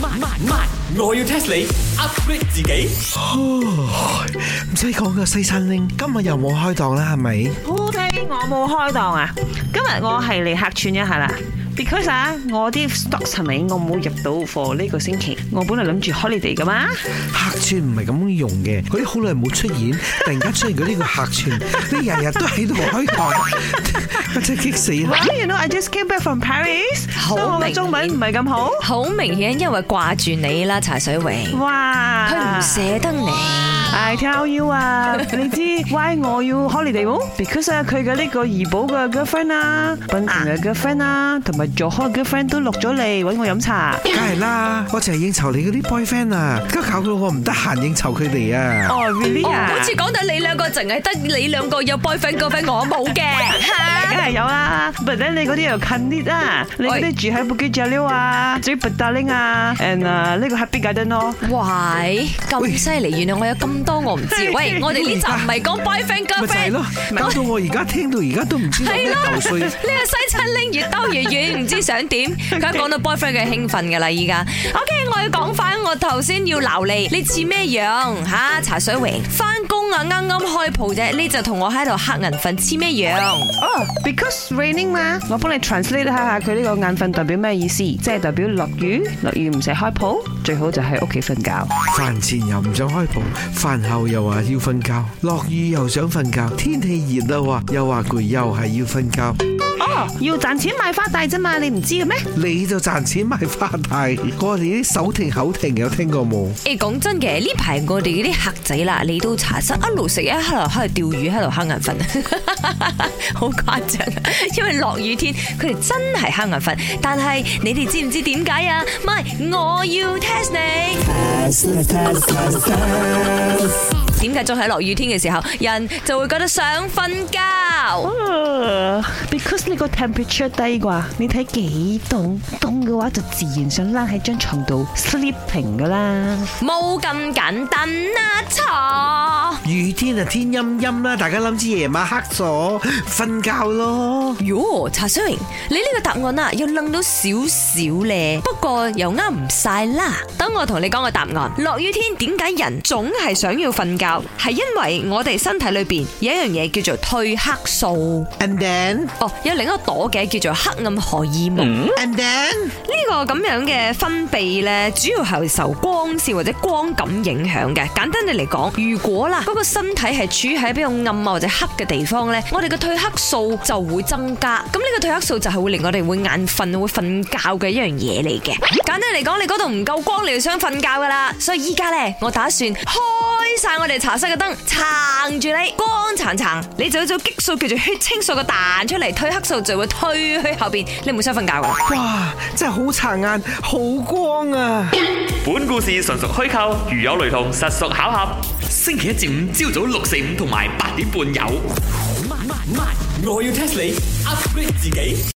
慢慢慢，我要 test 你 upgrade 自己。唔使講個西餐廳，今日又冇開檔啦？係咪？O K，我冇開檔啊，今日我係嚟客串一下啦。because 啊，我啲 stock 陳美我冇入到貨呢個星期，我本嚟諗住 holiday 噶嘛，客串唔係咁用嘅，佢啲好耐冇出現，突然間出現咗呢個客串，你日日都喺度開台，即真係激死啦。You know I just came back from Paris，好，我中文唔係咁好，好明顯，明顯因為掛住你啦，茶水泳，哇，佢唔捨得你，I tell you 啊，你知 why 我要 holiday 冇？Because 啊，佢嘅呢個怡寶嘅 girlfriend 啊 Benjamin 嘅 girlfriend 啊，同埋。做開嘅 friend 都落咗嚟揾我飲茶，梗係啦，我淨係應酬你嗰啲 boyfriend 啊，家搞到我唔得閒應酬佢哋啊。哦 really 啊，好似講到你兩個淨係得你兩個有 boyfriend girlfriend 我冇嘅，梗係有啦，唔係咧，你嗰啲又近啲啦，你嗰啲住喺布吉長溜啊，Jebatling 啊，and 呢個 Happy Garden 咯。喂，咁犀利，原來我有咁多，我唔知。喂，我哋呢集唔係講 boyfriend girlfriend 咯，搞到我而家聽到而家都唔知講咩舊歲。呢個西餐拎越兜越遠。唔知想點，而家講 Okay. 到 boyfriend 嘅興奮噶啦，依家。OK，我要講翻我頭先要鬧你，你似咩樣吓？查水圍翻工啊，啱啱、啊、開鋪啫，你就同我喺度黑眼瞓，似咩樣？哦、oh，because raining 嘛？我幫你 translate 下下佢呢個眼瞓代表咩意思？即係代表落雨，落雨唔使開鋪，最好就喺屋企瞓覺。飯前又唔想開鋪，飯後又話要瞓覺，落雨又想瞓覺，天氣熱啊話又話攰，又係要瞓覺。哦，oh, 要賺錢買花帶啫嘛，你唔知嘅咩？你就賺錢買花帶，我哋啲手停口停，有聽過冇？誒，講真嘅，呢排我哋啲客仔啦，你都查實一路食一路喺度釣魚，喺度瞌眼瞓，好誇張啊！因為落雨天，佢哋真係瞌眼瞓。但係你哋知唔知點解啊？MY，我要 test 你，點解仲喺落雨天嘅時候，人就會覺得想瞓覺？cause 你個 temperature 低啩，你睇幾凍凍嘅話就自然想拉喺張床度 sleeping 噶啦，冇咁簡單啦，錯雨天啊，天陰陰啦，大家諗住夜晚黑咗瞓覺咯。喲，查生，你呢個答案啊，要諗到少少咧，不過又啱唔晒啦。等我同你講個答案。落雨天點解人總係想要瞓覺？係因為我哋身體裏邊有一樣嘢叫做褪黑素。And then，有另一個朵嘅叫做黑暗荷爾蒙。呢個咁樣嘅分泌呢，主要係受光綫或者光感影響嘅。簡單地嚟講，如果啦嗰個身體係處喺比較暗啊或者黑嘅地方呢，我哋嘅褪黑素就會增加。咁呢個褪黑素就係會令我哋會眼瞓會瞓覺嘅一樣嘢嚟嘅。簡單嚟講，你嗰度唔夠光，你就想瞓覺噶啦。所以依家呢，我打算開晒我哋茶室嘅燈，撐住你光燦燦，你就有種激素叫做血清素嘅彈出嚟。褪黑素就會褪去後邊，你唔好想瞓覺。哇！真係好殘眼，好光啊！本故事純屬虛構，如有雷同，實屬巧合。星期一至五朝早六四五同埋八點半有。Oh my, my, my, 我要 test 你，upgrade 自己。